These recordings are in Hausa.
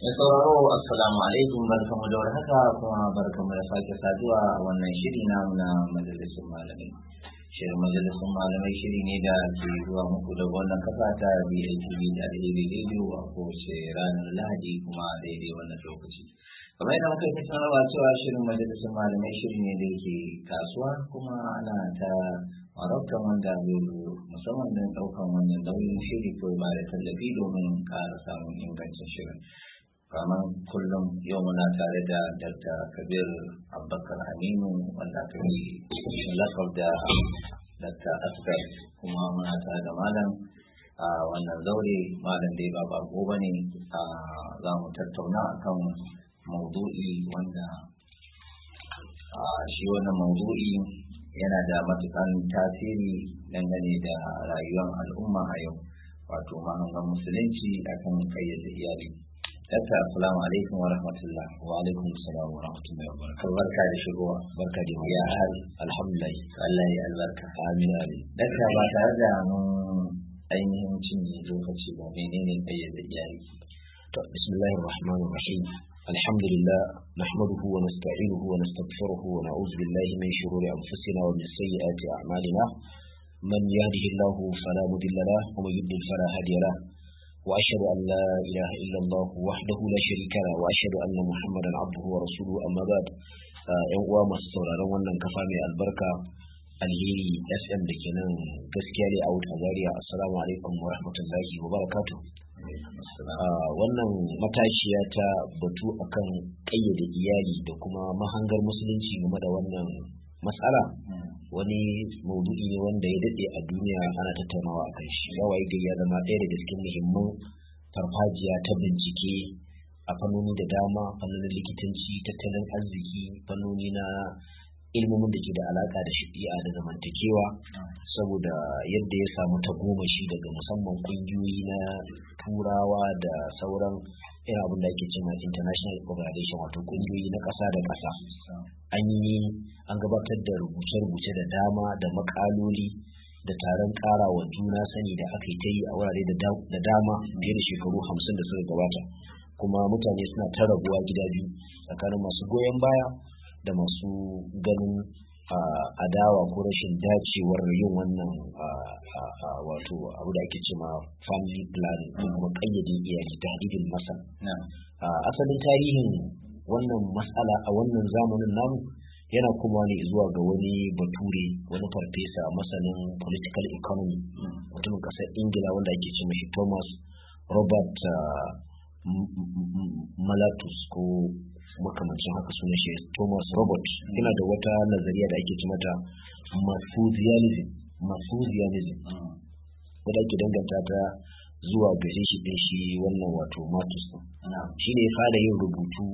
Mai sauraro assalamu alaikum barkamu da haka kuma barkamu da sake saduwa a wannan shiri namu na majalisun malamai. Shirin majalisun malamai shiri ne da ke zuwa muku da wannan kasa ta BLTV da Alheri Radio a kowace ranar Lahadi kuma daidai wannan lokaci. Kamar yadda muka yi sanarwa cewa shirin majalisun malamai shiri ne da yake kasuwa kuma ana ta marabtan wanda zai musamman don ɗaukan wannan nauyin shiri ko ba da tallafi domin ƙara samun ingancin shirin. kamar kullum yau muna tare da Dr. Kabir Abubakar Aminu wanda aka yi lakar da Dr. Asgard kuma muna tare da malam a wannan zaure malam dai ba bako ba ne za mu tattauna kan maudu'i wanda shi wannan maudu'i yana da matukan tasiri dangane da rayuwar al'umma a yau wato mahangar musulunci akan kayyade iyali. السلام عليكم ورحمة الله وعليكم السلام ورحمة الله وبركاته بركة لشبوع بركة يا أهل الحمد لله الله البركة آمين آمين لك ما ترجع من أين تنزي جوفة ومنين أيد إياري طيب، بسم الله الرحمن الرحيم الحمد لله نحمده ونستعينه ونستغفره ونعوذ بالله من شرور أنفسنا ومن سيئات أعمالنا من يهده الله فلا مضل له ومن يضلل فلا هادي له وأشهد أن لا إله إلا الله وحده لا شريك له وأشهد أن محمدا عبده ورسوله أما بعد ‘yan uwa masu sauraron wannan kafa mai albarka alheri sm da ke nan gaskiya ne a wuta zaria assalamu alaikum wa rahmatullahi wa barakatu wannan matashiya ta batu akan ƙayyade iyali da kuma mahangar musulunci game da wannan matsala wani maudu'i ne wanda ya daɗe a duniya ana tattaunawa a kan shi yawaye ya zama ɗaya daga cikin muhimman farfajiya ta bincike a fannoni da dama fannonin likitanci tattalin arziki fannoni na ilmumin da ke da alaka da shari'a da zamantakewa saboda yadda ya samu ta shi daga musamman ƙungiyoyi na turawa da sauran irin abin da ake cewa international organization wato kungiyoyi na ƙasa da ƙasa an yi an gabatar da rubuce-rubuce da dama da makaloli da taron ƙarawa juna sani da aka yi ta yi a wurare da dama fiye da shekaru hamsin da suka gabata kuma mutane suna ta rabuwa gida biyu tsakanin masu goyon baya da masu ganin adawa ko rashin dacewar yin wannan wato abu da ake ce ma family planning ko kuma kayyade iyali tahdidin masa. asalin tarihin wannan matsala a wannan zamanin namu yana kuma ne zuwa ga wani bature wani farfesa masanin political economy mutumin kasar ingila wanda ake ce mashi thomas robert malatus ko makamancin haka sunan shi Thomas Robert yana da wata nazariya da ake ci mata Malthusianism Malthusianism wadda ake danganta ta zuwa ga shi din shi wannan wato Marcus shi ne ya fara yin rubutu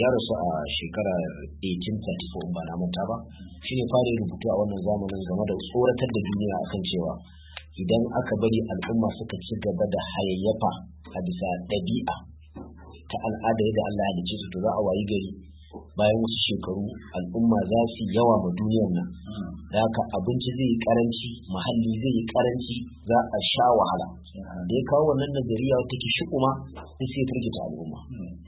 ya rasu a shekarar 1834 ba na manta ba shi ne fara yin rubutu a wannan zamanin game da tsoratar da duniya akan cewa idan aka bari al'umma suka ci gaba da hayayyafa a bisa ɗabi'a ta al'ada da Allah ya dace su to za a wayi gari bayan wasu shekaru al'umma za su yawa ma duniyar nan da haka abinci zai yi karanci muhalli zai yi karanci za a sha wahala da ya kawo wannan nazariya wata ke shi kuma sai sai firgita al'umma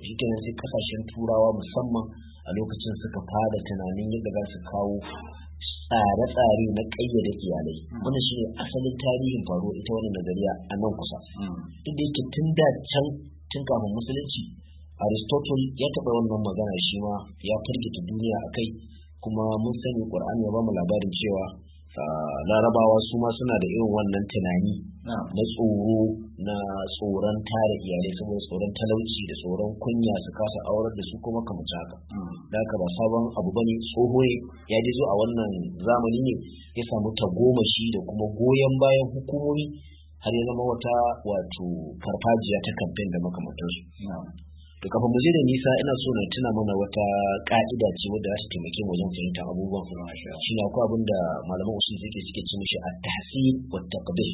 shi kenan sai kasashen turawa musamman a lokacin suka fara tunanin yadda za su kawo tsare-tsare na ƙayyade iyalai wannan shi ne asalin tarihin faruwa ita wani nazariya a nan kusa duk da yake tun da can tun kafin musulunci aristotle ya taɓa wannan magana shi ma ya firgita duniya a kai kuma mun sani ƙur'ani ya ba mu labarin cewa larabawa su ma suna da irin wannan tunani na tsoro na tsoron tare iyalai saboda tsoron talauci da tsoron kunya su kasa aurar da su kuma kamar haka da haka ba sabon abu bane tsoho ne ya ji zo a wannan zamani ne ya samu tagomashi da kuma goyon bayan hukumomi har ya zama wata wato farfajiya ta kamfen da makamantarsu to kafin mu da nisa ina so na tuna mana wata ka'ida ce wadda za ta taimake wajen fahimta abubuwan shi na akwai abin da malaman usul suke suke ce mishi a tasi wa taqbih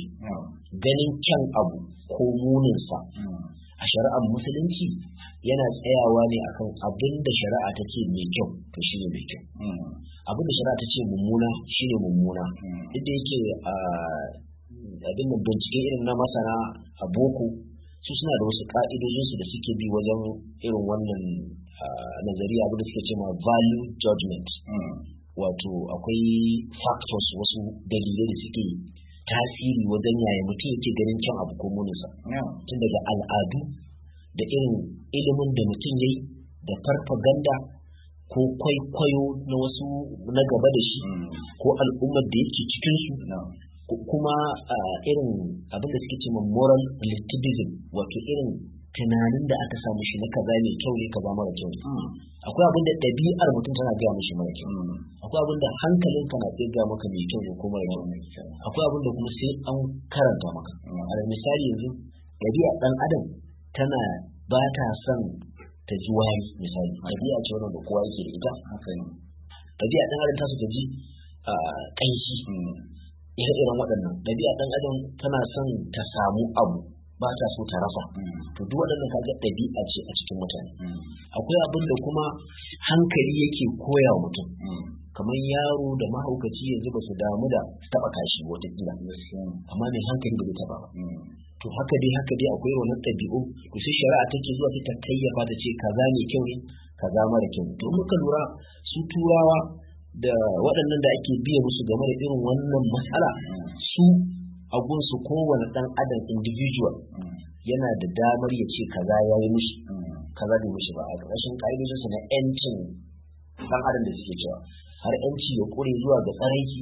ganin kyan abu ko munin a shari'ar musulunci yana tsayawa ne akan abin da shari'a ta ce mai kyau to shi ne mai kyau abin da shari'a ta ce mummuna shi ne mummuna duk da yake ah, abin da bincike irin na masana a boko su suna da wasu su da suke bi wajen irin wannan nazariya abin da suke cewa value judgment hmm. wato akwai factors wasu dalilai da suke tasiri wajen yaya mutum yake ganin kyan abu ko munisa tun daga al'adu da irin ilimin da mutum yayi da farfaganda ko kwaikwayo na wasu na gaba da shi hmm. ko al'ummar da yake cikinsu kuma irin abin da suke cewa moral relativism wato irin tunanin da aka samu shi na kaza ne kyau ne kaza mara kyau akwai abin da ɗabi'ar mutum tana gaya mishi mara kyau akwai abin da hankalin kana sai ga maka mai kyau ne ko mara kyau akwai abin da kuma sai an karanta maka a misali yanzu ɗabi'ar ɗan adam tana ba ta son ta ji wari misali ɗabi'a ce wannan da kowa yake da ita ɗabi'a ɗan adam ta so ta ji ƙanshi ire-iren waɗannan ɗabi'a ɗan adam tana son ta samu abu ba ta so ta rasa to duk waɗannan kaga ɗabi'a ce a cikin mutane akwai abin da kuma hankali yake koya wa mutum kamar yaro da mahaukaci yanzu ba su damu da taɓa kashi wata kila amma mai hankali ba zai taɓa ba to haka dai haka dai akwai wannan ɗabi'u to sai shari'a take zuwa ta kayyafa ta ce kaza ne kyau ne kaza mara kyau to muka lura su turawa da waɗannan da ake biya musu game da irin wannan matsala su a gunsu kowane ɗan adam individual yana da damar ya ce kaza ya yi mishi kaza da mishi ba a ƙa'idojin su na ƴancin ɗan adam da suke cewa har 'yanci ya ƙure zuwa ga tsaraiki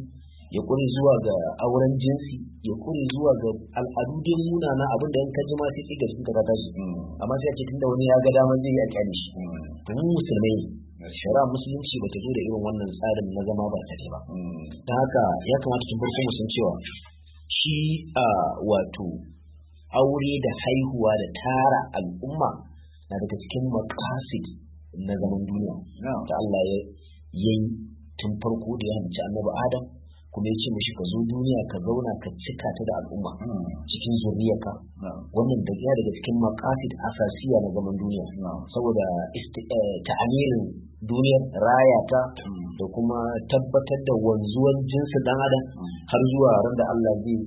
ya ƙure zuwa ga auren jinsi ya ƙure zuwa ga al'adu dai munana abinda yan kaji ma sai tsiga sun ka tashi amma sai a ce tunda wani ya ga dama zai yi a kyale shi musulmai shari'a musulunci ba ta zo da irin wannan tsarin na zama ba ta ba ta haka ya kamata tun farko mu san cewa shi a wato aure da haihuwa da tara al'umma na daga cikin makasid na zaman duniya da Allah ya yi tun farko da ya hanci annabi Adam kuma ya ce mishi ka zo duniya ka zauna ka cika ta da al'umma cikin zurriyarka. wannan da ya daga cikin maqasid asasiya na zaman duniya saboda eh, ta'amirin duniyar raya ta da kuma tabbatar da wanzuwan jinsi dan adam har zuwa ran da Allah zai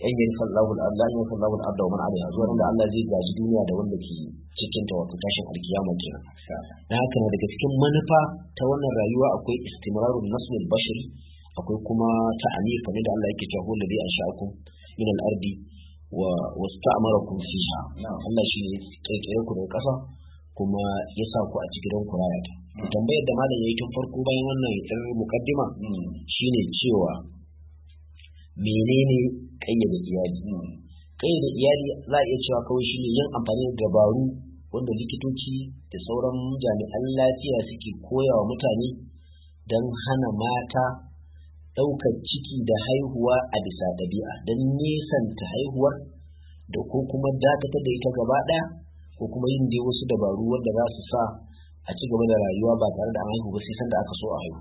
yan yin sallahu al'adda yan sallahu al'adda wa man alaiha zuwa ran da Allah zai gaji duniya da wanda ke cikin ta wato tashin alkiyama kenan na haka daga cikin manufa ta wannan rayuwa akwai istimrarun nasl bashari akwai kuma ta'ani ne da Allah yake cewa da ladhi ansha'akum min al-ardi wa wasta'marakum fiha Allah shi ne kirkire ku daga kasa kuma ya sa ku a cikin kuraya ta tambayar da malam yayi tun farko bayan wannan yar mukaddima hmm. shine cewa menene kayyade iyali kayyade hmm. iyali za a iya cewa kawai shine yin amfani da dabaru wanda likitoci da sauran jami'an lafiya suke koya wa mutane don hana mata ɗaukar ciki da haihuwa a bisa ɗabi'a don nesanta haihuwa? da ko kuma dakata da ita gaba ɗaya ko kuma yin dai wasu dabaru wanda za su sa a ci gaba da rayuwa ba tare da an haihu ba sai sanda aka so a haihu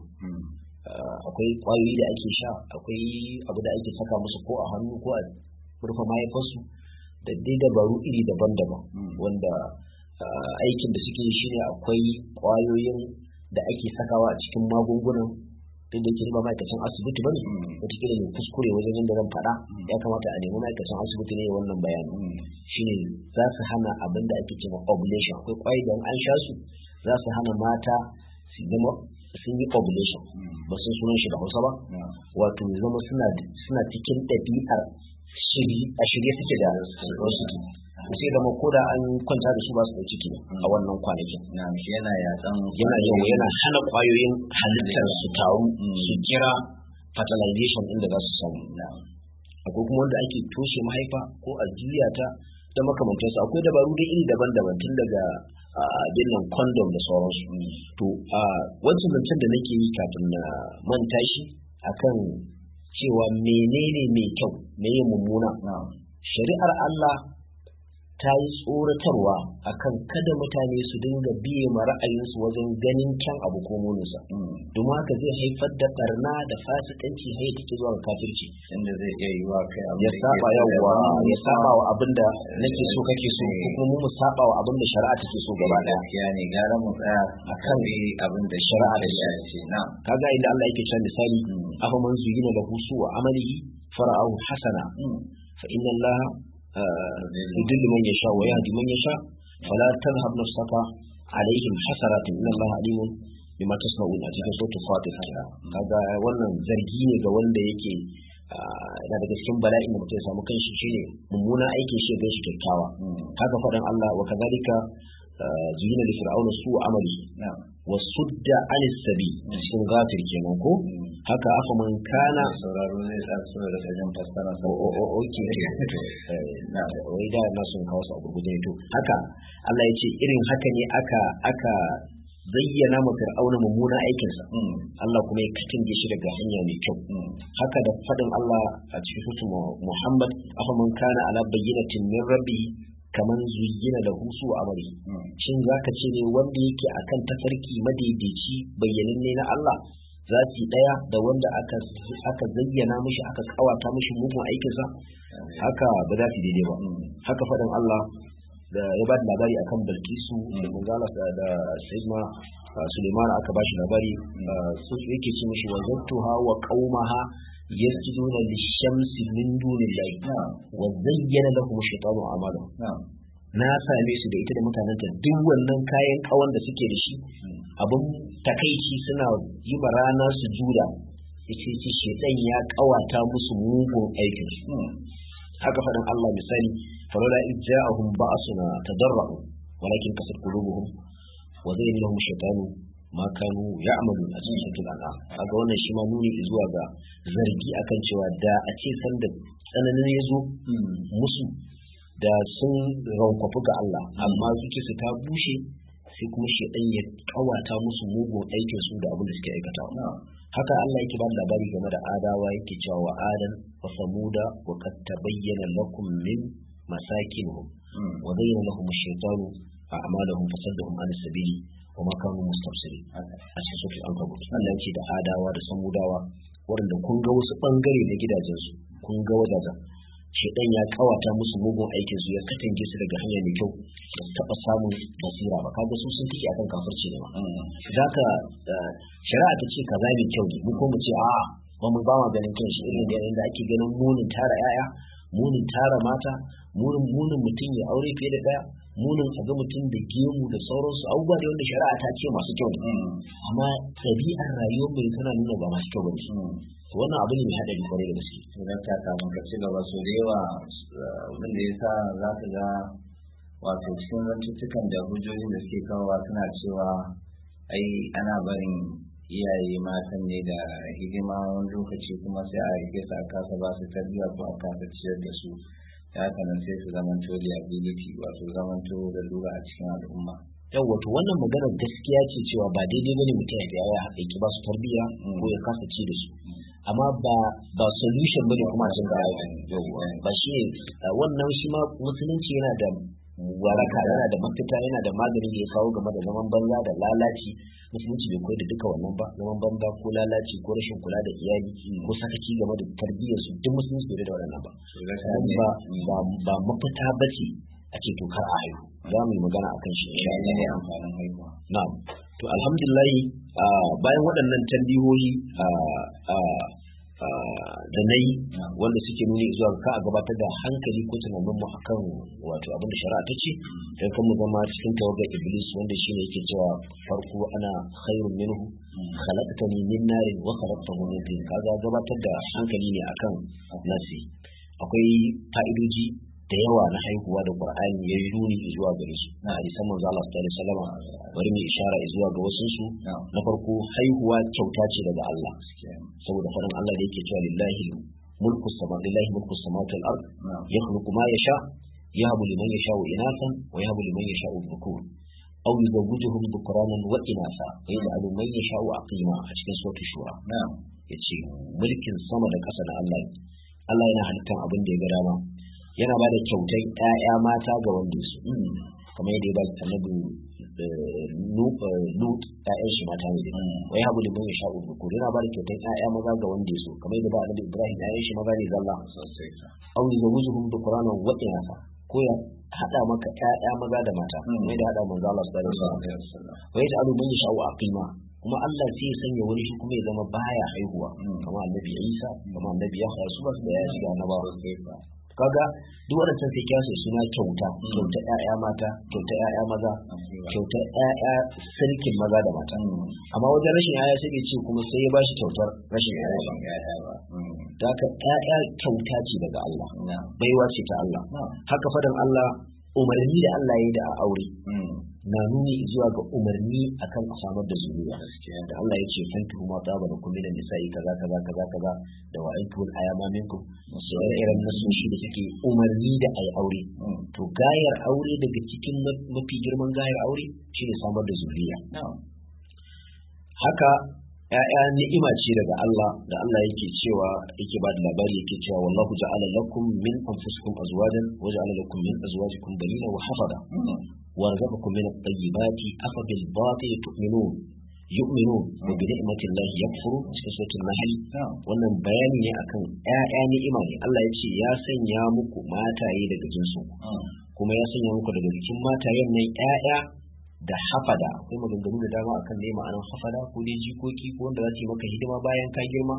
ah, akwai kwayoyi da ake sha akwai abu da ake saka musu ko a hannu ko a rufe mahaifarsu da dai dabaru iri daban-daban wanda ah, aikin da suke shi ne akwai kwayoyin da ake sakawa a cikin magungunan tun da yake ba ma'aikacin asibiti ba ne wataƙila ne kuskure wajen da zan faɗa ya kamata a nemi ma'aikacin asibiti ne wannan bayani shine za su hana abin da ake cewa ovulation akwai ƙwai da an sha su za su hana mata su zama sun yi ovulation ba sun sunan shi da hausa ba wato zama suna cikin ɗabi'ar a shirye suke da sai da ko da an kwanta da su ba su da ciki a wannan kwanakin yana yatsan yana yana hana kwayoyin halittar su taru mm. su kira fertilization inda za su samu akwai kuma wanda ake toshe mahaifa ko a juya ta da akwai dabaru da iri daban-daban tun daga abin nan condom da sauransu mm. to a wancan zancen da nake yi kafin na manta shi akan cewa menene mai kyau yin mummuna shari'ar Allah ta yi tsoratarwa a kan kada mutane su dinga biye ma ra'ayinsu wajen ganin kyan abu ko munusa. Duma ka zai haifar da barna da fasikanci har take zuwa ga kafirci inda zai iya yi wa kai ya saba yawa ya saba wa abinda eh, nake so kake so eh. ko kuma mu saba wa abinda shari'a take so gaba daya eh, ne gara mu tsaya abin da shari'a da ya ce na ga inda Allah yake can misali hmm. afa man zuyina lahu su'a amalihi fara'ahu hasana hmm. fa inna يدل من يشاء ويهدي من يشاء فلا تذهب نفسك عليهم حسرات إن الله عليم بما تسمعون أجل صوت sautin هذا haka kaga wannan zargi ne ga daga cikin bala'in da mutum ya samu kanshi shine mummuna aikin shi ga shi kyakkyawa haka faɗin Allah wa kadalika zuyina da fir'auna su amali wasu da anis sabi sun gafir kenan ko haka aka man kana sauraro ne sa su da kajan fassara sa oke na wai da na sun kawo su a gurguje to haka Allah ya ce irin haka ne aka aka zayyana ma fir'auna mummuna aikinsa Allah kuma ya katange shi daga hanya mai kyau haka da fadin Allah a cikin sutu Muhammad aka man kana ala bayyinatin min rabbi kaman zuyina da husu a bari shin zaka ce ne wanda yake akan tafarki madaidaici ne na Allah za su ɗaya da wanda aka zayyana mishi aka kawata mishi mugun aikinsa haka ba za su daidai ba haka faɗin Allah da ya ba da labari akan Bilkisu da Manzala da Sayyidina Suleiman aka ba shi labari sun yake ce mishi wa zattuha wa يسجدون للشمس من دون الله وزين لهم الشيطان أعمالهم na same su da ita da mutanenta duk wannan kayan kawan da suke da shi abin takaici suna yi ma rana su jura yace ce shedan ya kawata musu mugun aikin su haka faɗin Allah misali falola ijja'ahum ba'asuna tadarru walakin kasat qulubuhum wa zayyana lahum shaytanu ma ya amalu a cikin shakil al'am kaga wannan shi ma nuni zuwa ga zargi akan cewa da a ce sanda tsananin ya zo musu da sun rankwafi ga Allah amma zuci su ta bushe sai kuma shi ɗan ya kawata musu mugun aikin su da abin da suke aikata haka Allah yake ba labari game da adawa yake cewa wa adan wa samuda wa qad tabayyana lakum min masakinhum hmm. wa zayyana lahum ash-shaytanu a'malahum fasaddahum an sabili kuma kanu mustafsiri a sassafi an kabu Allah ce da adawa da samudawa waɗanda kun ga wasu ɓangare na gidajensu kun ga wajajen shaidan ya kawata musu mugun aikin su ya katange su daga hanya mai kyau da taɓa samun basira ba kaga su sun kike akan kafirci ne ba za ka eh, shari'a ta ce kaza mai kyau ne mu ko mu ce a ba mu ba ma ganin kyan shi irin da ake ganin munin tara 'ya'ya munin tara mata munin mutum ya aure fiye da ɗaya munin a ga mutum da gemu da sauransu abubuwa da wanda shari'a ta ce masu kyau ne mm. amma ɗabi'ar rayuwar mai tana nuna ba masu kyau ba ne mm. to wannan abu ne mai haɗari kwarai da gaske idan ka samu ka ci gaba so da yawa eh, abin da ya sa za ka ga wato cikin zantuttukan da hujjojin da suke kawowa suna cewa ai ana barin iyaye matan ne da hidima wani lokaci kuma sai a rike su a kasa ba su tarbiyya ko a kasa ciyar da su ya kanan sai su zamanto liability wato zamanto da lura a cikin al'umma yau wato wannan maganar gaskiya ce cewa ba daidai bane mutum ya yaya haka yake ba su tarbiyya mm. ko ya kasa ci da su amma ba ba solution bane kuma sun ga ba shi wannan shi ma musulunci yana da waraka yana da mafita yana da magani da ya kawo game da zaman banza da lalaci musulunci bai koyar da duka wannan ba zaman banza ko lalaci ko rashin kula da iyali ko sakaki game da tarbiyyar su duk musulunci bai da wannan ba ba mafita ba ce ake to kar a haihu za mu yi magana a kan shi ya Allah ne amfanin haihuwa na'am to alhamdulillah ah, bayan waɗannan tambihohi ah, ah, da na yi wanda suke nuni zuwa ka a gabatar da hankali ko tunanin mu akan wato abin da shari'a ta ce don kan mu zama cikin tawagar iblis wanda shi ne yake cewa farko ana khairun minhu khalaqtani min narin wa khalaqtahu min tin kaga gabatar da hankali ne akan nasi akwai fa'idoji da yawa na haihuwa da Qur'ani ya yi nuni zuwa gare su na hadisan manzo Allah sallallahu alaihi wasallam bari mu ishara zuwa ga wasu su na farko haihuwa kyauta ce daga Allah saboda farin Allah da yake cewa lillahi mulku samawati lillahi mulku samawati wal ard yakhluqu ma yasha yahabu liman yasha inathan wa yahabu liman yasha dhukur أو يزوجهم ذكرانا وإناثا ويجعل من يشاء عقيما أشكال سورة الشورى نعم يتشي ملك صمد قصد الله Allah yana halittar abin da ya ga dama yana ba da kyautai ƴaƴa mata ga wanda su kamar yadda ya ba annabi eh, eh, lut ƴaƴan shi mata ne wai habu da bin sha'u ko yana ba da kyautai ƴaƴa maza ga wanda su kamar yadda ba annabi ibrahim ƴaƴan shi maza ne zalla au yuzuhum da qur'anin wa inasa ko ya hada maka ƴaƴa maza da mata mai da hada manzo Allah sallallahu alaihi wasallam wai da abu bin sha'u kima kuma Allah sai ya sanya wani shi kuma ya zama baya haihuwa kamar annabi Isa kamar annabi Yahya su ba su da ya shiga na ba kaga duk waɗancan sai kyasa suna kyauta kyauta ƴaƴa mata kyauta ƴaƴa maza kyauta ƴaƴa sarkin maza da mata amma wajen rashin ƴaƴa sai ya ce kuma sai ya bashi kyautar rashin ƴaƴa ba da haka ƴaƴa kyauta ce daga Allah baiwa ce ta Allah haka fadan Allah umarni da Allah ya yi da aure na nuni zuwa ga umarni akan a samar da zuriya da Allah ya ce kan tuhuma ta ba kuma da nisa'i kaza kaza kaza kaza da wa aya ma minku. su irin nasoshi da suke umarni da ayi aure hmm. to gayar aure daga cikin mafi girman gayar aure shine samar da zuriya haka ‘ya'ya ni'ima ce daga Allah da Allah yake cewa yake ba da labari yake cewa wallahu ja'ala lakum min anfusikum azwajan wa ja'ala lakum min azwajikum banina wa hafada hmm. وارزقكم من الطيبات أفبال باطل تؤمنون yu'minun wa الله يكفر yakfuru cikin suratul nahl wannan bayani ne akan الله ni'ima يا Allah ya ce ya sanya muku mataye daga jinsu hmm. kuma ya sanya muku daga cikin matayen nan ƴaƴa da hafada akwai maganganu da dama akan ne ma'anar hafada ko dai jikoki ko wanda za su yi maka hidima bayan ka girma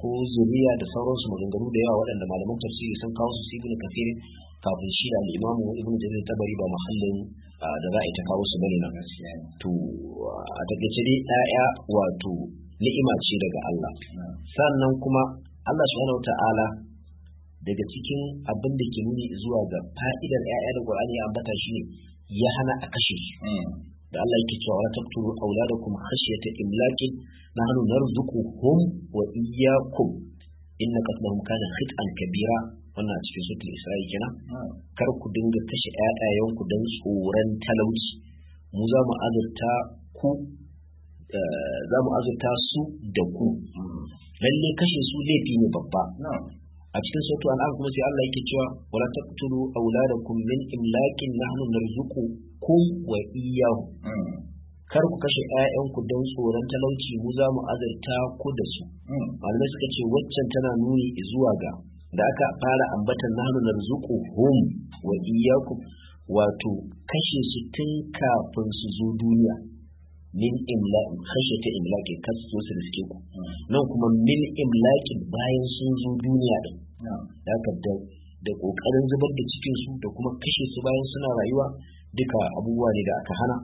ko zuriya da sauransu maganganu da yawa waɗanda malaman tafsiri sun kawo su sibin kafirin kafin shi da al-imamu ibnu jarir tabari ba mahallin da za a yi ta kawo su bane nan to a takaice dai ɗaya wato ni'ima ce daga Allah sannan kuma Allah subhanahu ta'ala daga cikin abin da ke nuni zuwa ga fa'idar ƴaƴa da Qur'ani ya ambata shine ya hana a kashe su mm. da Allah yake cewa wa taqtulu auladakum khashyata imlakin nahnu narzuquhum wa iyyakum inna qatlahum kana khit'an kabira wannan a cikin sutul isra'i kenan ah. kar ku dinga kashe ƴaƴayenku don tsoron talauci mu za mu azurta ku eh, za mu azurta su da ku ah. lalle kashe su laifi ne babba a cikin sautu an kuma sai Allah yake cewa wala taqtulu awladakum min imlakin nahnu narzuqukum wa iyyahu hmm. kar ku kashe ƴaƴanku don tsoron talauci mu za mu azurta ku da su hmm. malamai suka ce waccan tana nuni zuwa ga da aka fara ambatan nanu narzuku hum wa iyakum wato kashe su tun kafin su zo duniya min imlaqin kashe ta imlaqin kasu zo su riske ku nan kuma min imlaqin bayan sun zo duniya din da aka da da kokarin zubar da cikin su da kuma kashe su bayan suna rayuwa duka abubuwa ne da aka hana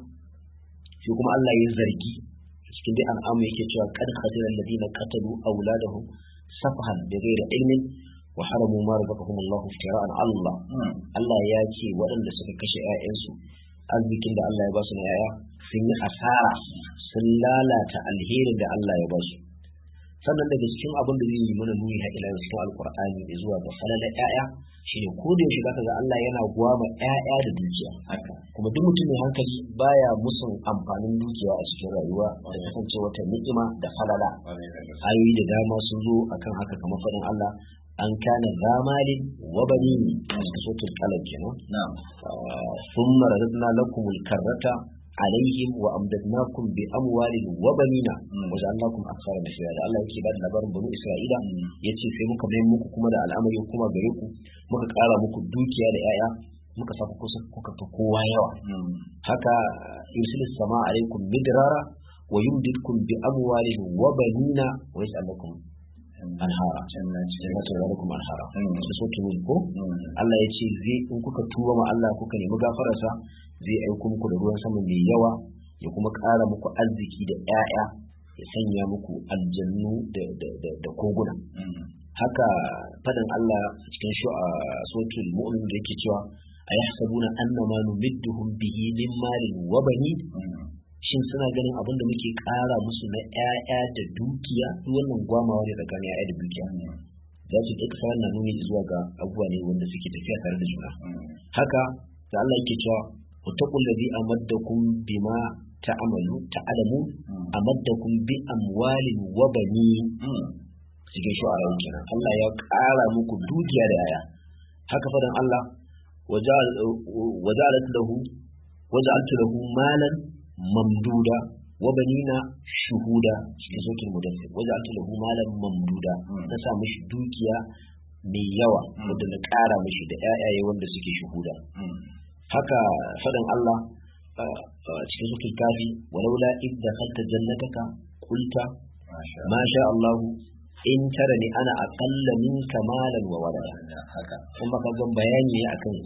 sai kuma Allah ya zargi cikin dai al'amu yake cewa kad khadira alladhina qatalu awladahum safahan bighayri ilmin wa haramu ma razaqahum Allah iftira'an Allah Allah ya ce waɗanda suka kashe 'ya'yansu arzikin da Allah ya basu su na ƴaƴa sun yi asara sun lalata alherin da Allah ya basu. sannan daga cikin abin da zai yi mana nuni ha ila cikin alqur'ani zuwa ga 'ya'ya, ƴaƴa shine ko da yaushe zaka ga Allah yana gwama 'ya'ya da dukiya haka kuma duk mutum mai hankali baya musun amfanin dukiya a cikin rayuwa da kasance wata ni'ima da falala ayoyi da dama sun zo akan haka kamar faɗin Allah an kana za malin wa bani sotul kalam kenan thumma radadna lakum al-karrata alaihim wa amdadnakum bi amwalin wa banina hmm. wa ja'alnakum akthara nafira da da Allah yake ba da labarin Bani Isra'ila hmm. Ya ce sai muka mai muku kuma da al'amari kuma gare ku muka kara muku dukiya da yaya muka sa kusa kuka fi kowa yawa hmm. haka yusil sama alaikum midrara wa yumdidkum bi amwalin wa banina wa yaj'alnakum alhara jannatu zalikum alhara su so tu ko Allah ya ce zai in kuka tuba ma Allah kuka nemi gafararsa zai aiko muku da ruwan sama mai yawa ya kuma ƙara muku arziki da ƴaƴa ya sanya muku aljannu da koguna haka fadan Allah cikin shi a sotul mu'min da yake cewa a yahsabuna annama numidduhum bihi min malin wa bani shin suna ganin abin da muke ƙara musu na ƴaƴa da dukiya wannan gwamawa ne tsakanin ƴaƴa da dukiya za su duk na nuni zuwa ga abubuwa ne wanda suke tafiya tare da juna haka da Allah yake cewa utaqul ladhi amadakum bima ta'malu ta'lamu amadakum bi amwalin wa bani cikin shu'ara kenan Allah ya ƙara muku dukiya da ƴaƴa. haka dan Allah waja'altu lahu waja'altu lahu malan mamduda wa na shuhuda cikin sautin mudassir waje aka lahu malam mamduda na sa mishi dukiya mai yawa wanda na ƙara mishi da ƴaƴaye wanda suke shuhuda haka faɗin Allah cikin sautin kafi walaula idda khalta jannataka qulta ma sha Allahu in tara ne ana aƙalla min kamalan wa wala kun baka zan bayani akan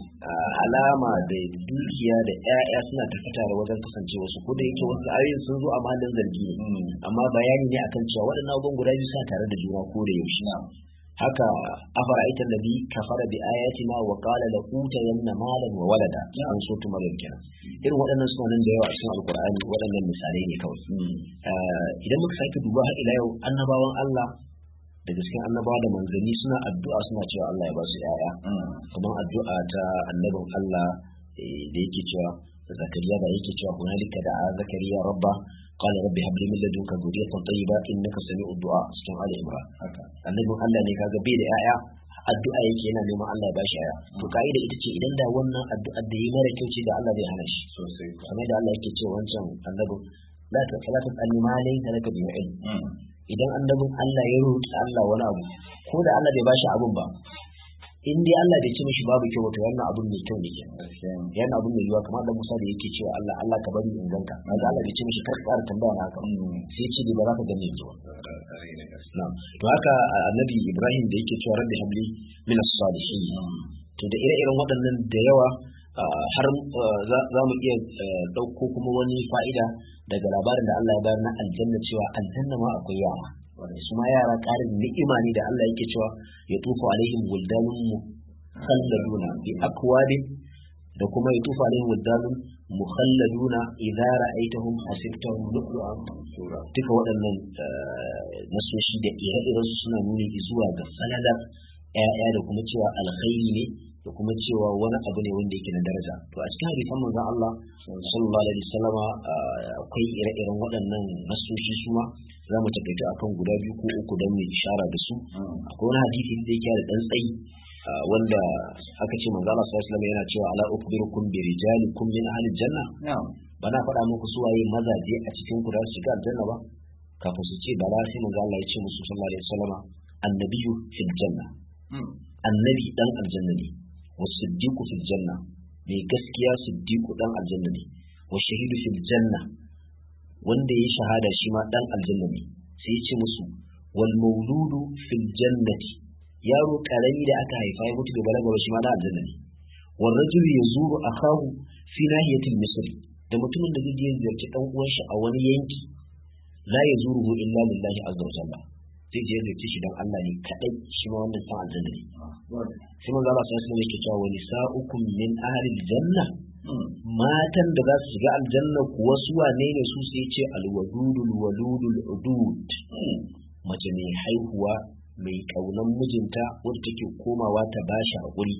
alama da dukiya da 'ya'ya suna tafi da wajen kasance wasu ko da yake wasu ayoyin sun zo a mahallin zargi ne hmm. amma bayani ne akan cewa waɗannan abubuwan guda biyu suna tare da juna ko da yaushe haka afara ita da bi kafara bi ayatina wa qala la uta yanna malan wa walada an so tuma da kenan irin waɗannan suna nan da yawa a cikin alqur'ani waɗannan misalai ne kawai hmm. idan muka sake duba har ila yau annabawan Allah da gaskiya annabawa da manzanni suna addu'a suna cewa Allah ya ba su ƴaƴa kamar addu'a ta annabin Allah eh, da yake cewa zakariya da yake cewa hunalika da zakariya rabba qala rabbi hab li min ladunka dhurriyatan tayyiba innaka sami'ud du'a cikin ali imran annabin Allah ne kaga bai da ya'ya, addu'a yake yana neman Allah ya bashi aya to ka'ida ita ce idan da wannan addu'a da yi mara kyau ce da Allah zai hana shi sosai kamar da Allah yake cewa wancan annabin la ta salatu al-malai da laka bi'il idan annabin Allah ya roƙi Allah wani abu ko da Allah bai bashi abun ba in dai Allah bai ce mishi babu kyau to wannan abun mai kyau ne yana abun mai yiwa kamar da Musa da yake cewa Allah Allah ka bari in ganka kaga Allah bai ce mishi kar ƙara tambaya na haka sai ce ba za ka gane ba. to haka annabi Ibrahim da yake cewa rabbi habli min as-salihin to da ire-iren waɗannan da yawa har za mu iya eh, ɗauko kuma wani fa'ida daga labarin da Allah ya bayar na aljanna cewa aljanna ma akwai yara wanda su ma yara karin ni'ima ne da Allah yake cewa ya tufa alaihim guldanun mu khalladuna bi akwabin da kuma ya tufa alaihim guldanun mukhalladuna idza ra'aytahum hasibtahum lu'lu'an duka waɗannan eh, nasoshi da ire-iren suna nuni zuwa ga falalar ƴaƴa da kuma cewa alkhairi ne da kuma cewa wani abu ne wanda yake na daraja to a cikin hadisan manzon Allah sallallahu alaihi wasallama ah, akwai ire-iren waɗannan nasoshi su ma za mu takaita akan guda biyu ko uku don mu ishara da su akwai wani hadisi da yake da dan tsayi ah, wanda aka ce manzo Allah sallallahu alaihi yana cewa ala ukhbirukum bi rijalikum min ahli janna bana faɗa muku su waye mazaje a cikin ku da su shiga aljanna ba kafin su ce bala sai manzo Allah ya ce musu sallallahu alaihi wasallama annabiyyu fil janna hmm. annabi dan aljanna ne wasiddiqu fil janna mai gaskiya siddiqu ɗan aljanna ne wa shahidu fil wanda ya shahada shi ma dan aljanna ne sai ya ce musu wal mauludu fil yaro ƙarami da aka haifa ya mutu da balaga shi ma dan aljanna ne wal rajulu yazuru akahu fi nahiyatil misri da mutumin da zai je ziyarci ɗan uwan shi a wani yanki la yazuru illa lillahi azza wa jalla zai je zai shi don Allah ne shi ma cewa wani matan da za su shiga aljanna kuwa su wane ne su sai ce alwadudul waludul udud mace mai haihuwa mai kaunan mijinta wadda take komawa ta bashi hakuri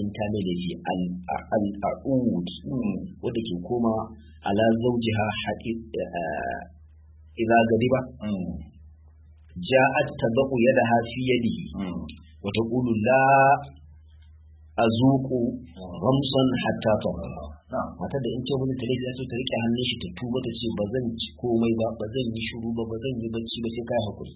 in ta ne da shi al'ud wadda ke komawa ala zaujiha haƙi eh, eh, ila gadiba ja'at tadqu yadaha fi yadihi wa taqulu la azuqu ghamsan hatta tahura wata da in ce wani tare ya su ta rike hannun shi ta tuba ta ce ba zan ci komai ba ba zan yi shuru ba ba zan yi bacci ba sai kai hakuri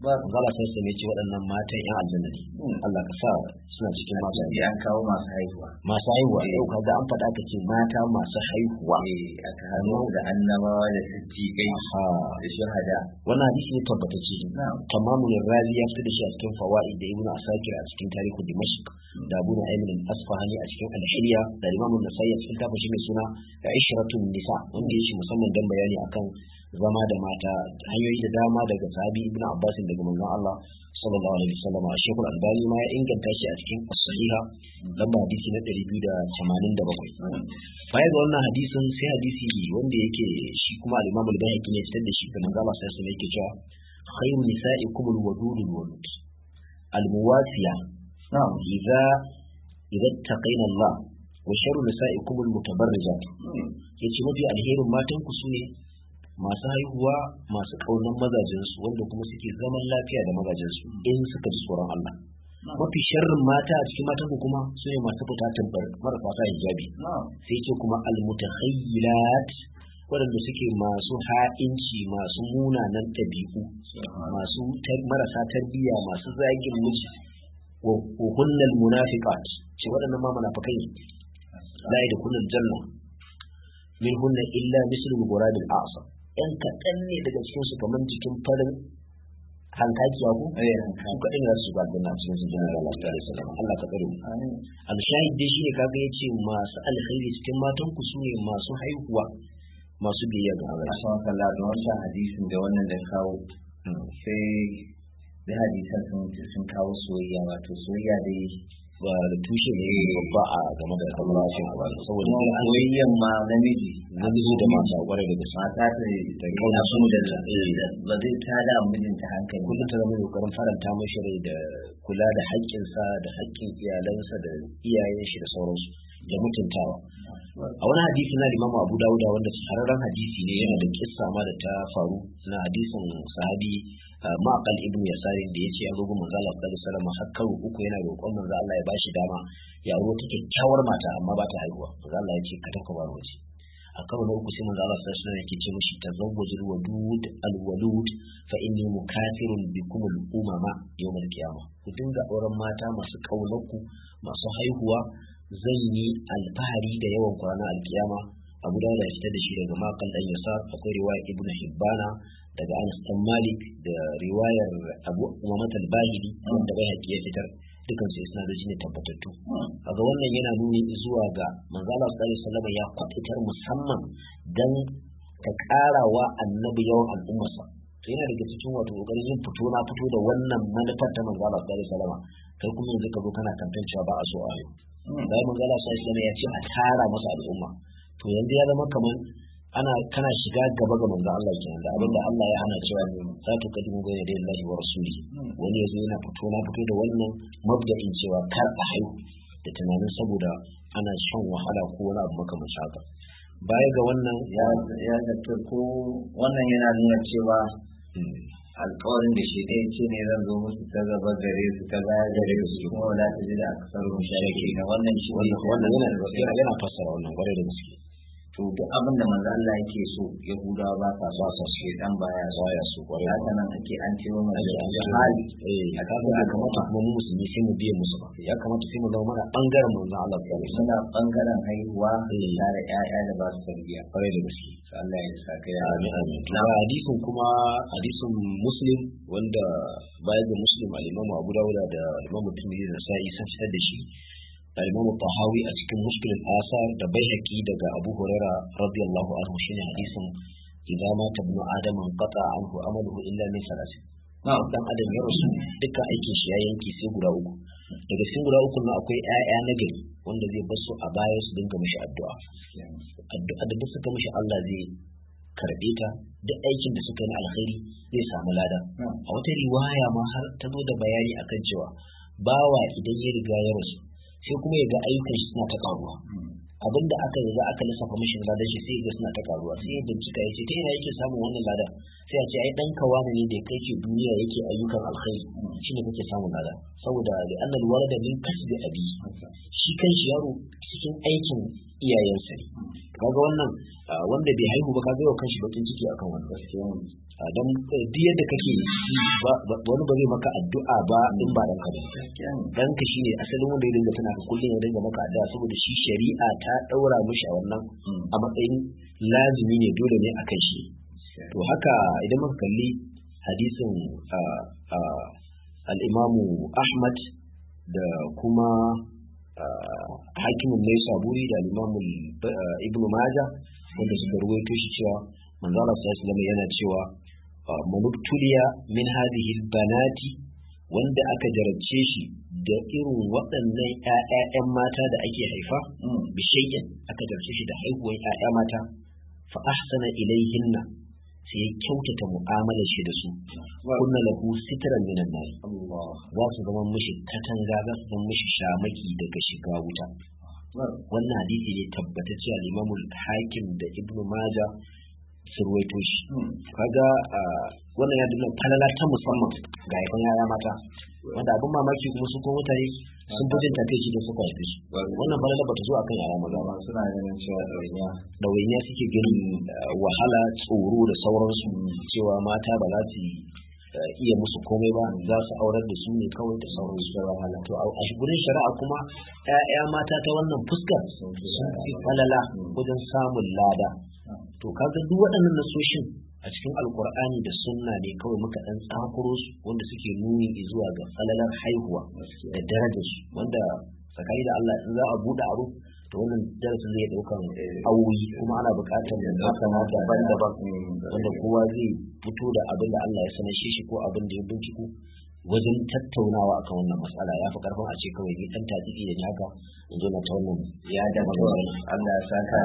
ba za ba sai sai ce waɗannan matan ya aljanna ne hmm. Allah ka sa suna cikin masu haihuwa an kawo masu haihuwa masu haihuwa eh. yau kaga an faɗa ka ce mata masu haihuwa eh aka hano da annabawa da siddiqai da shahada wannan hadisi ne tabbatacce tamamul razi ya fita da shi a cikin fawaid da ibnu asakir a cikin tarihu dimashq hmm. da abu na aimin asfahani a cikin al da imamu nasai littafin shi mai suna ya ishratun nisa wanda ya ce musamman don bayani akan zama da mata hanyoyi da dama daga sahabi ibn abbas daga manzon Allah sallallahu alaihi wasallam Sheikh Al-Albani ma ya inganta shi a cikin As-Sahiha lamba hadisi na 287 baya ga wannan hadisin sai hadisi wanda yake shi kuma al-Imam Al-Bayhaqi ne fitar da shi ga gama Allah sallallahu alaihi wasallam yake cewa khayru nisa'ikum al-wadud al-wadud al-muwasiya idza idza taqina Allah wa sharu nisa'ikum al-mutabarrijat yace mafi alherin matan ku sune masu haihuwa masu kaunan mazajensu wanda kuma suke zaman lafiya da mazajensu in suka ji tsoron Allah mafi sharrin mata a cikin matan ku kuma sune masu fita tambar marasa hijabi sai ce kuma al-mutakhayyilat waɗanda suke masu ha'inci masu munanan ɗabi'u masu marasa tarbiyya masu zagin miji wa hunnal munafiqat ce waɗannan ma munafikai da kullun janna min hunna illa mislu al-ghurab al-a'sa in ka danne daga cikin su kaman cikin farin hankakiya ko su ka dinga za su shiga aljanna cikin su janna Allah ta alaihi salam Allah ka tsare al-shahid dai shine kaga yace masu alkhairi cikin matan ku sune masu haihuwa masu biyayya ga Allah sallallahu alaihi wasallam hadisin da wannan da kawo sai da hadisan sun kawo soyayya wato soyayya dai ba da tushe ne babba a game da kamar wasan ba saboda ni soyayyen ma namiji na biyu da masu kwarai da gaske mata ta yi ta kauna sun da ba zai ta da ta hankali kullum ta zama yukarin faranta mashi rai da kula da haƙƙinsa da haƙƙin iyalansa da iyayen shi da sauransu da mutuntawa a wani hadisi na limamu abu dawuda wanda shahararren hadisi ne yana da kissa ma da ta faru na hadisin sahabi ma'aqal eh, ibn yasarin da yace agogo manzo Allah sallallahu alaihi wasallam har karo uku yana roƙon manzo Allah ya shi dama ya aure ta kyakkyawar mata amma ba ta haihuwa manzo Allah yace kada ka bar waje a karo na uku sai manzo Allah sallallahu alaihi wasallam yake ce wadud al alwalud fa inni mukafirun bikum al ma yawm al qiyamah ku dinga auren mata masu kaunarku masu haihuwa zan yi alfahari da yawan kwana alkiyama a abu da ya da shi daga makon dan yasa akwai riwaya ibnu hibbana daga Anas dan Malik da riwayar Abu Umamat al-Bahili wanda bai ya fitar dukan suna da ne tabbatattu kaga wannan yana nuni zuwa ga manzo Allah sallallahu alaihi wasallam ya kwatitar musamman dan ta karawa annabi yawan al'ummarsa to yana daga cikin wato kokarin yin fito na fito da wannan manufar ta manzo Allah sallallahu alaihi wasallam kai kuma yanzu ka zo kana tantancewa ba a so a yau bayan manzo Allah sallallahu alaihi wasallam ya ce a tara masa al'umma to yanzu ya zama kamar ana kana shiga gaba ga manzo Allah kenan da abinda Allah ya hana cewa ne za ta kadimu ga yadda Allah wa rasuli wani yazo yana fito na fito da wannan mabda'in cewa kar a haihu da tunanin saboda ana shan wahala ko wani abu makamancin haka baya ga wannan ya ya zato ko wannan yana nuna cewa alƙawarin da shi ɗaya ce ne zan zo musu ta gaba gare su ta baya gare su kuma za ta ji da aka sarrafa shi wannan shi wannan yana fassara wannan gare da gaske to duk abin da manzo Allah yake so Yahuda ba ta so sa shi dan baya so ya so ko haka nan ake an ciwo mana da hali eh haka kuma kamata kuma mu musulmi sai mu biye musu ba ya kamata sai mu zama mana bangaren manzo Allah sallallahu alaihi na bangaren haihuwa da eh. da ƴaƴa da ba su tarbiya kare da musu Allah ya saka ya amin amin na hadisin kuma hadisin muslim wanda baya ga muslim al-imamu Abu Dawud da imam Tirmidhi da Sa'i sun fitar da shi al-Imam Tahawi a cikin Mushkil da Baihaqi daga Abu Huraira radiyallahu anhu shine hadisin akwai ƴaƴa na gari zai bar a baya su dinga da duk suka Allah zai karbe ta aikin da suka yi na zai samu lada a wata riwaya ma har bawa idan ya riga sai kuma ya ga ayyukan shi suna ta karuwa abin da aka yanzu aka lissafa mishi ladan shi sai ga suna ta karuwa sai ya bincika ya ce ta yana yake samun wannan ladan sai ya ce ai dan kawana ne da kai ke duniya yake ayyukan alkhairi shine kake samun lada saboda da annal walada min kasbi abi shi kan shi yaro cikin aikin iyayensa ne kaga wannan ah, wanda bai haihu ba kaga yau kashi bakin ciki akan wannan ah, don eh, duk yadda kake wani ba zai maka addu'a ba in ba ranka ba dan ka shine asalin wanda ya dinga tana ka kullun ya dinga maka addu'a saboda shi shari'a ta daura mishi a wannan hmm. a matsayin lazimi ne dole ne akan shi to haka idan muka kalli hadisin ah, al-imamu Ahmad da kuma hakimin mai saburi da limamu ibnu maja wanda suka ruwaito shi cewa manzo Allah sallallahu yana cewa manubtuliya min hadhihi banati wanda aka jarabce shi da irin waɗannan ƴaƴan mata da ake haifa bishayyan aka jarabce shi da haihuwar ƴaƴa mata fa ahsana ilayhinna sai ya kyautata mu'amalar shi da su kunna lahu sitran minan nar za su zama mishi katanga za su zama mishi shamaki daga shiga wuta wannan hadisi ne tabbata cewa imam al-Hakim da Ibn Majah surwaito shi hmm. kaga wannan ya dinga falala ta musamman ga haifan yara mata wanda abin mamaki kuma su kuma mutane sun fi jin shi da suka haife shi. wannan falala bata zo akan yara maza ba suna ganin cewa ɗawainiya ɗawainiya suke ganin wahala tsoro da sauransu hmm. cewa mata ba za su iya musu komai ba za su aurar da su ne kawai da sauran su da wahala to a gurin shari'a kuma ƴaƴa mata ta wannan fuskar sun fi falala hmm. wajen samun lada to kaga duk waɗannan nasoshin a cikin alkur'ani da sunna ne kawai muka ɗan tsakuro su wanda suke nuni zuwa ga falalar haihuwa da darajar su wanda tsakani da Allah in za a buɗe aro to wannan darasin zai ɗaukan awoyi kuma ana buƙatar da masana daban-daban wanda kowa zai fito da abin da Allah ya sanar shi ko abin da ya binciko wajen tattaunawa akan wannan matsala ya fi karfin a ce kawai ni ɗan tafi da ni haka in zo na ta ya da magana Allah ya saka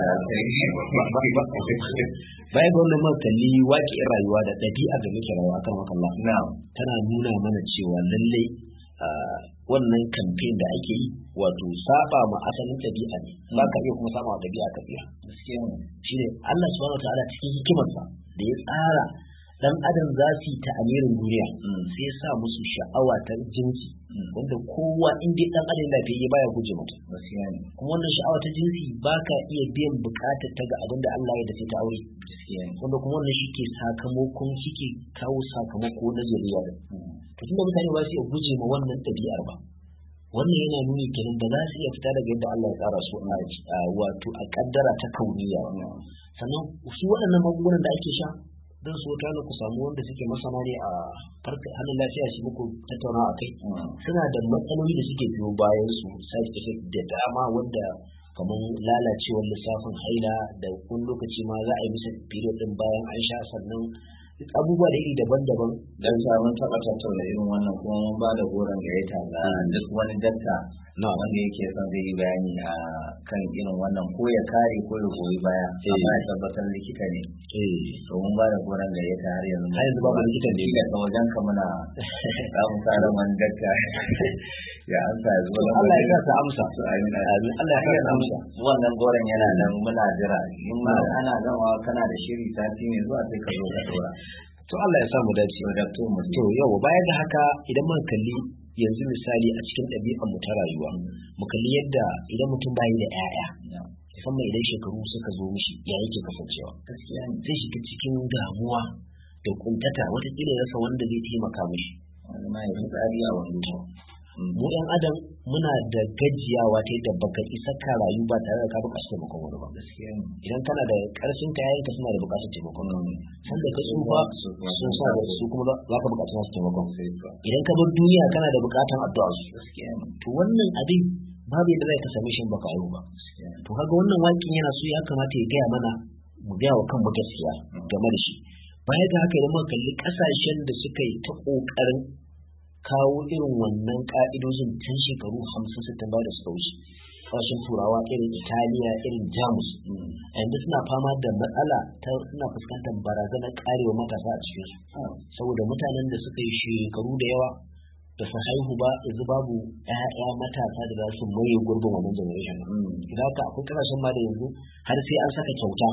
bayan ga wannan makalli waƙiyar rayuwa da ɗabi'a da muke rayuwa akan makalla tana nuna mana cewa lallai wannan kamfen da ake yi wato saba ma asalin ɗabi'a ne ba ka iya kuma saba ma ɗabi'a ka tsira shi ne Allah subhanahu wa ta'ala cikin hikimarsa da ya tsara dan adam za su yi amirin duniya hmm. sai ya sa musu sha'awa ta jinsi hmm. wanda kowa in dai dan adam lafiyayye baya guje mata kuma wannan sha'awa ta jinsi ba ka iya biyan bukatar ta ga abin da Allah ya dace ta aure wanda kuma wannan shi ke sakamakon shi ke kawo sakamako na zuriya da hmm. to tunda mutane ba su iya guje ma wannan ɗabi'ar ba wannan yana nuni kenan da za su iya fita daga yadda Allah ya tsara su a wato a kaddara ta kauniya sannan su waɗannan magungunan da ake sha don wata na ku samu wanda suke masana ne a farka hannun lafiya shi muku tattauna a kai mm. suna da matsaloli da suke biyo bayan su side effect da dama wanda kamar lalacewar lissafin haila da kun lokaci ma za a yi bisa period din bayan an sha sannan abubuwa da iri daban-daban don samun taɓa tattauna irin wannan kuma mun ba da goron gayyata ga duk wani datta wanda yake son zai yi bayani a kan irin wannan ko ya kare ko ya goyi baya eh. amma ya tabbatar likita ne eh. to mun ba da goron gayyata har yanzu har yanzu babu likita ne ga wajen ka muna samun tsarin wani datta ya amsa ya zuwa Allah ya sa amsa Allah ya sa amsa wannan goron yana nan muna jira in ma ana gama kana da shiri sati ne zuwa sai ka zo ka dora to Allah ya sa mu dace to yau baya da haka idan muka kalli yanzu misali a cikin ɗabi'an mu ta rayuwa mu kalli yadda idan mutum bayi da ƴaƴa, musamman idan shekaru suka zo mishi ya yake kasancewa Gaskiya zai shiga cikin damuwa da kuntata kila rasa wanda zai taimaka mishi wani yanzu ya tsari a mu yan adam muna da gajiyawa ta yadda baka isa ka rayu ba tare da ka buƙaci taimakon wani ba idan kana da ƙarfin ka yayin ka suna da buƙatar taimakon ka sanda ka tsufa sun sa da su kuma za ka buƙaci masu taimakon idan ka bar duniya kana da buƙatar addu'a su to wannan abin babu yadda zai ka same shi baka yi ba to kaga wannan wakin yana so ya kamata ya gaya mana mu gaya wa kanmu gaskiya game da shi baya da haka idan muka kalli ƙasashen da suka yi ta ƙoƙarin kawo irin wannan ka'idojin tun shekaru hamsin ba da su kawo fashin turawa irin italiya irin jamus yanzu suna fama da matsala ta suna fuskantar barazanar karewa matasa a cikinsu saboda mutanen da suka yi shekaru da yawa da su haihu ba yanzu babu ya'ya matasa da za su maye gurbin wannan generation idan haka akwai kasashen ma da yanzu har sai an saka kyauta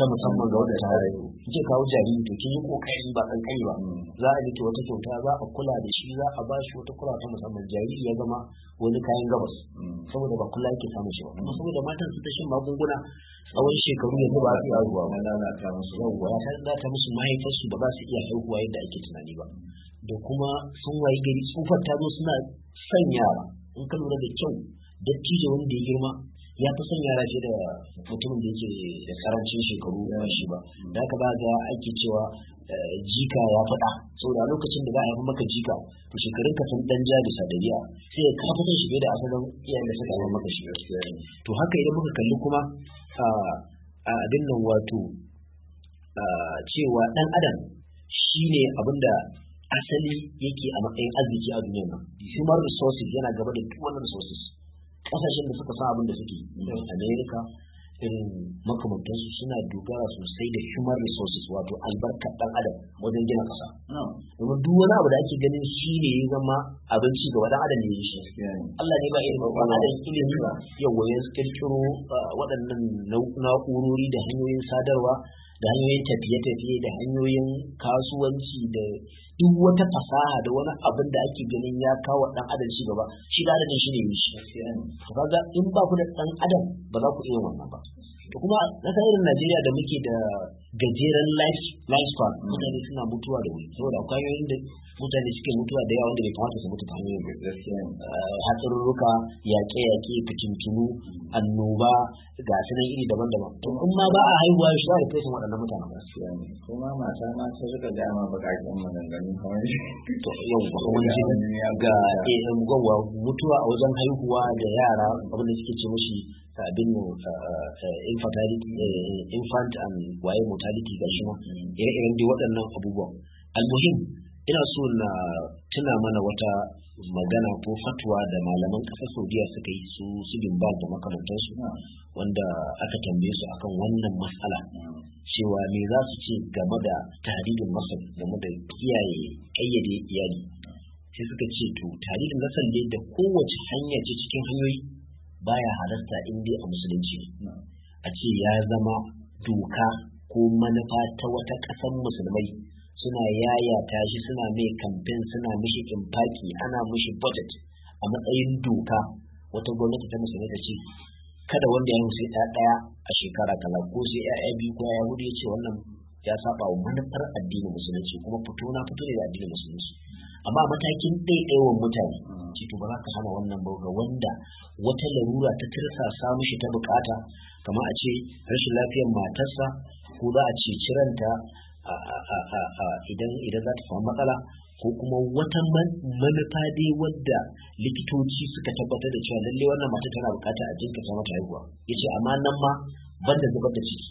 ta musamman ga wanda ta rayu mm. kike kawo jariri to kin yi kokari ba kai ba za a rike wata kyauta za a kula da shi za a bashi wata kula ta musamman jariri ya zama wani kayan gabas mm. saboda ba kula yake samun shi ba saboda matan su ta shan magunguna tsawon shekaru yanzu ba su yaro ba wanda na ta musu ya ta za ta musu mahaifarsu ba za su iya haihuwa yadda ake tunani ba da kuma sun wayi gari tsufar ta zo suna sanya in ka lura da kyau dattijo wanda ya girma ya fi son yara shi da mutumin da yake da karancin shekaru yawa shi ba da ka ba ga ake cewa eh, jika ya faɗa saboda lokacin da za a yi maka jika to shekarun ka sun dan jari sadariya sai ya kafa son shige da asalin iyayen da suka yi maka shi to haka idan muka kalli kuma a abin nan wato cewa ɗan adam ne abin da asali yake a matsayin arziki a duniya nan human resources yana gaba da duk wannan resources kasashen da suka san abin da suke amerika irin makamantansu suna dogara sosai da human resources wato albarkar dan adam wajen gina kasa domin duk wani abu da ake ganin shi ne ya zama abinci ga wani adam ne shi Allah ne ba irin wani adam ilimi ba yawa ya kirkiro waɗannan na'urori da hanyoyin sadarwa da hanyoyin tafiye-tafiye da hanyoyin kasuwanci da duk wata fasaha da wani abin da ake ganin ya kawo dan adam shi gaba shi da adam shi ne shi kaga in ba ku da dan adam ba za ku iya wannan ba kuma ƙasa irin Najeriya da muke da gajeren life lifespan mutane suna mutuwa da wuri saboda kwayoyin da mutane suke mutuwa da yawa da bai kamata su mutu ta hanyoyin eh, hatsarurruka yaƙe-yaƙe fitintunu annoba ga su nan iri daban-daban to in ma ba a haihuwa shi ba da fesin waɗannan mutanen ba kuma mata ma ta rika dama buƙatun maganganun kamar to yau ba ga eh, mutuwa a wajen haihuwa da yara abinda suke ce mashi abin eh, infant and waye mortality ga shi ma ire-iren dai waɗannan abubuwan almuhim ina so na tuna mana wata magana ko fatwa da malaman ƙasar saudiya suka yi su su ba da makarantarsu wanda aka tambaye su akan wannan matsala cewa me za su ce game da tarihin masar game da kiyaye ƙayyade iyali sai suka ce to tarihin masar ne da kowace hanya ce cikin hanyoyi baya halarta in dai a musulunci a ce ya zama doka ko manufa ta wata ƙasar musulmai suna yaya tashi, suna mai kamfen suna mishi impaki ana mishi budget a matsayin doka wata gwamnati ta musulmai ta ce kada wanda ya musu ta ɗaya a shekara kala ko sai ya'ya biyu ko ya hudu ya ce wannan ya saba wa manufar addinin musulunci kuma fito na fito ne da addinin musulunci amma matakin ɗaiɗaiwan mutane ce to ba za ka hana wannan ba ga wanda wata larura ta tirsa sa mishi ta bukata kamar a ce rashin lafiyar matarsa ko za a ce ciranta idan idan za ta samu matsala ko kuma wata manufa dai wadda likitoci suka tabbatar da cewa lalle wannan mata tana bukata a jinka ta mata haihuwa yace amma nan ma ban da zubar da ciki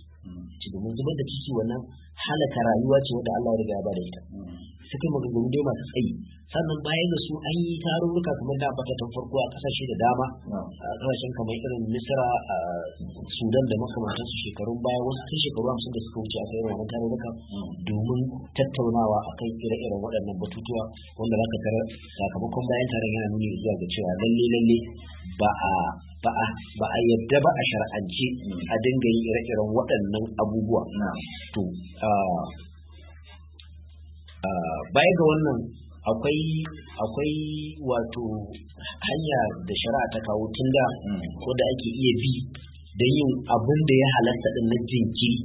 ci domin zubar da ciki wannan halaka rayuwa ce wadda Allah ya riga ya bada ita hmm. suka maganganu dai masu tsayi sannan bayan da su an yi tarurruka kamar da ta farko a kasashe da dama a kasashen kamar irin misira a sudan da makamantan su shekarun baya wasu ta shekaru hamsin da suka wuce a kai wannan tarurruka domin tattaunawa a kan ire-iren waɗannan batutuwa wanda za ka tarar sakamakon bayan taron yana nuni zuwa ga cewa lalle lalle ba a ba a ba a yadda ba a shar'ance a dinga yin ire-iren waɗannan abubuwa to bayan ga wannan akwai akwai wato hanya da shari'a ta kawo tun da ko da ake iya bi da yin abin da ya halatta din na jinkiri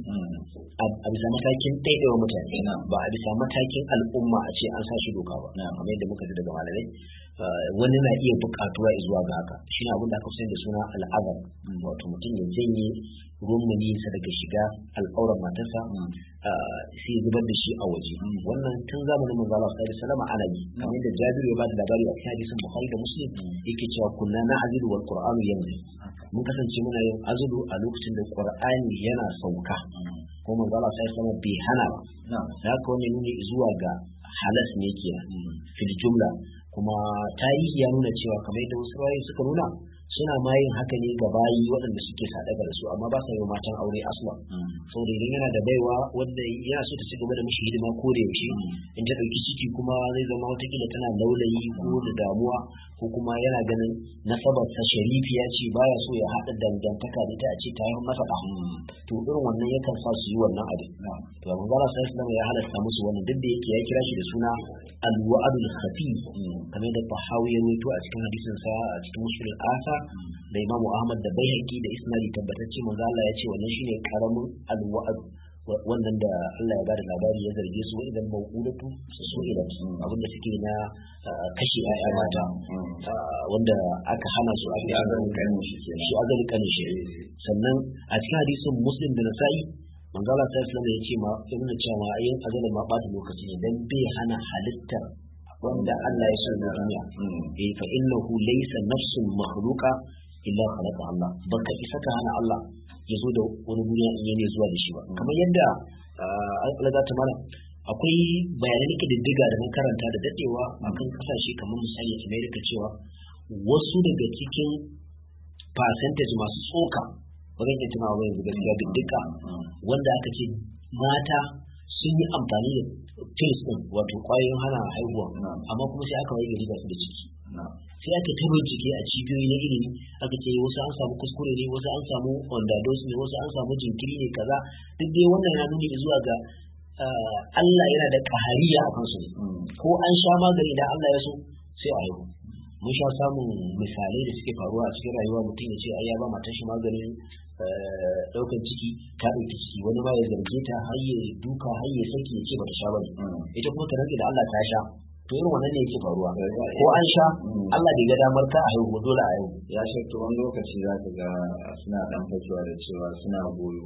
a bisa matakin ɗaiɗaiwa mutane ba a bisa matakin al'umma a ce an sa shi doka ba na kamar yadda muka ji daga malamai eh, wani na iya buƙatuwa zuwa ga haka shi ne abin da aka sani da suna al'adar mm. wato mutum ya janye ruwan sa daga shiga al'auran matarsa mm. ah, sai ya zubar da shi a waje mm. wannan tun zamanin manzo Allah sallallahu alaihi wasallam ana yi mm. kamar da Jabir ya ba da labari a cikin hadisin Bukhari da Muslim yake cewa kunna na azidu wal Qur'anu yanzu mun kasance muna yin azudu a lokacin da Qur'ani yana sauka ko manzo Allah sallallahu alaihi wasallam bai hana ba haka wannan nuni zuwa ga halas ne kenan fil jumla kuma tarihi ya nuna cewa kamar yadda wasu rayu suka nuna suna ma yin haka ne ga bayi waɗanda suke sadaka da su amma ba sa yi matan aure aswa mm. saboda idan yana da baiwa wanda yana so ta ci gaba da mishi hidima ko da yaushe mm. in ta ɗauki ciki kuma zai zama watakila tana laulayi ko da damuwa ko kuma yana ganin nasabar ta ya ce baya so ya haɗa dangantaka da ta a ce ta yi masa ba mm. to irin wannan yakan sa su yi wannan abin to amma ba sa su ya halasta musu wannan duk da yake ya kira shi da suna alwa'adul khafi kamar da fahawi ya a cikin hadisin sa a cikin musulun asar da Imam Ahmad da Baihaqi da Isnadi tabbatacce manzo Allah ya ce wannan shine karamin alwa'd wannan da Allah ya bada labari ya zarge su idan mawqulatu su so su'ila abin da suke na kashe ayya mata wanda aka hana su aka azali kanin shi shi azali kanin shi sannan a cikin hadisin Muslim da Nasa'i manzo Allah sallallahu alaihi wasallam ya ce ma inna cewa ayyan azali ma ba lokaci ne dan bai hana halittar wanda Allah ya sanya duniya hmm. eh fa innahu laysa nafsun makhluqa illa khalaqa Allah baka isa ka hana Allah ya zo da wani duniya in yana zuwa da shi ba hmm. kamar yadda ah, Allah za ta mana akwai bayanan kididdiga da mun karanta da dadewa akan hmm. kasashe kamar misali America cewa wasu daga cikin percentage masu tsoka wajen iya tunawa yanzu gaskiya diddiga wanda aka ce mata sun yi amfani da pills din wato kwayoyin hana haihuwa amma kuma sai aka waye gari su da ciki sai aka ta jiki a cibiyoyi na ilimi aka ce wasu an samu kuskure ne wasu an samu ondados ne wasu an samu jinkiri ne kaza duk dai wannan ya nuni zuwa ga ah, Allah yana da kahariya a kansu ko an sha magani da Allah ya so sai a haihu mun sha samun misalai da suke faruwa a cikin rayuwa mutum ya ce ai ya ba matar maganin daukan eh, ciki ta dauki ciki wani ma ya zarge ta har ya duka har ya saki ya ce bata sha ba mm. ita kuma ta rage da Allah ta sha to irin wannan ne yake faruwa eh, eh, ko an sha mm. Allah bai ga damar ka a haihu dole a yau ya shi to wani lokaci za ka ga suna dan fashewa da cewa suna goyo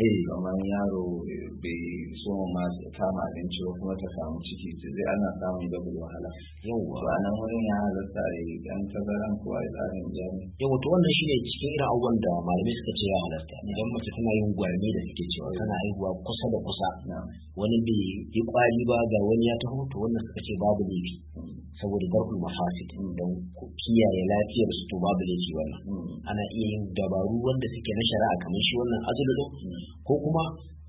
eh kamar yaro bai soma ma kama abinci ba kuma ta samu ciki zai ana samun double wahala yau ba nan wurin ya halatta a yi dan tazaran kuwa ya tsarin jami yau to wannan shi ne cikin irin abubuwan da malamai suka ce ya halatta idan mace tana yin gwami da suke cewa eh. tana haihuwa kusa da kusa wani bai yi kwari ba ga wani ya taho to wannan suka ce babu laifi hmm. saboda mafasit mafasid don kiyaye lafiyar su to babu laifi wannan ana iya yin dabaru wanda suke na shari'a kamar shi wannan azulu ko kuma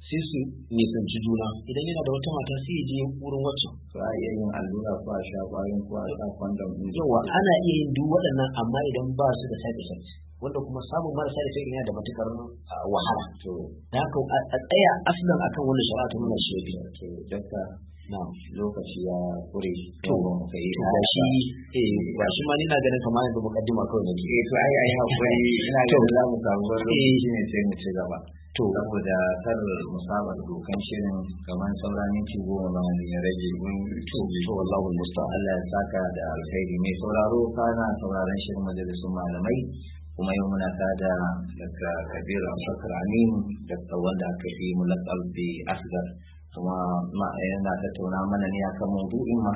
sai su nisanci juna idan yana da wata mata sai ya je wurin wacce za a iya yin allura ko a sha kwayoyin ko a sha kwandon yawa ana iya yin duk waɗannan amma idan ba su da side effects wanda kuma samun marasa da kai yana da matukar ah, wahala to da haka a tsaya aslan akan wannan shari'a ta nuna shi biya to daga lokaci ya kure to kai ta shi eh ba shi ma ni na ganin kamar yadda mukaddima kawai ne eh to ai ai hakuri ina ga za mu samu lokaci eh. ne sai mu ci gaba to saboda kar musabar dokan shirin kamar sauran minti goma ba ne ya rage mun to to wallahi musta Allah ya saka da alheri mai sauraro kana sauraron shirin majalisun malamai kuma yau muna tada daga kabir abubakar amin daga da aka fi mu bi asgar kuma yana tattauna mana ne akan maudu'in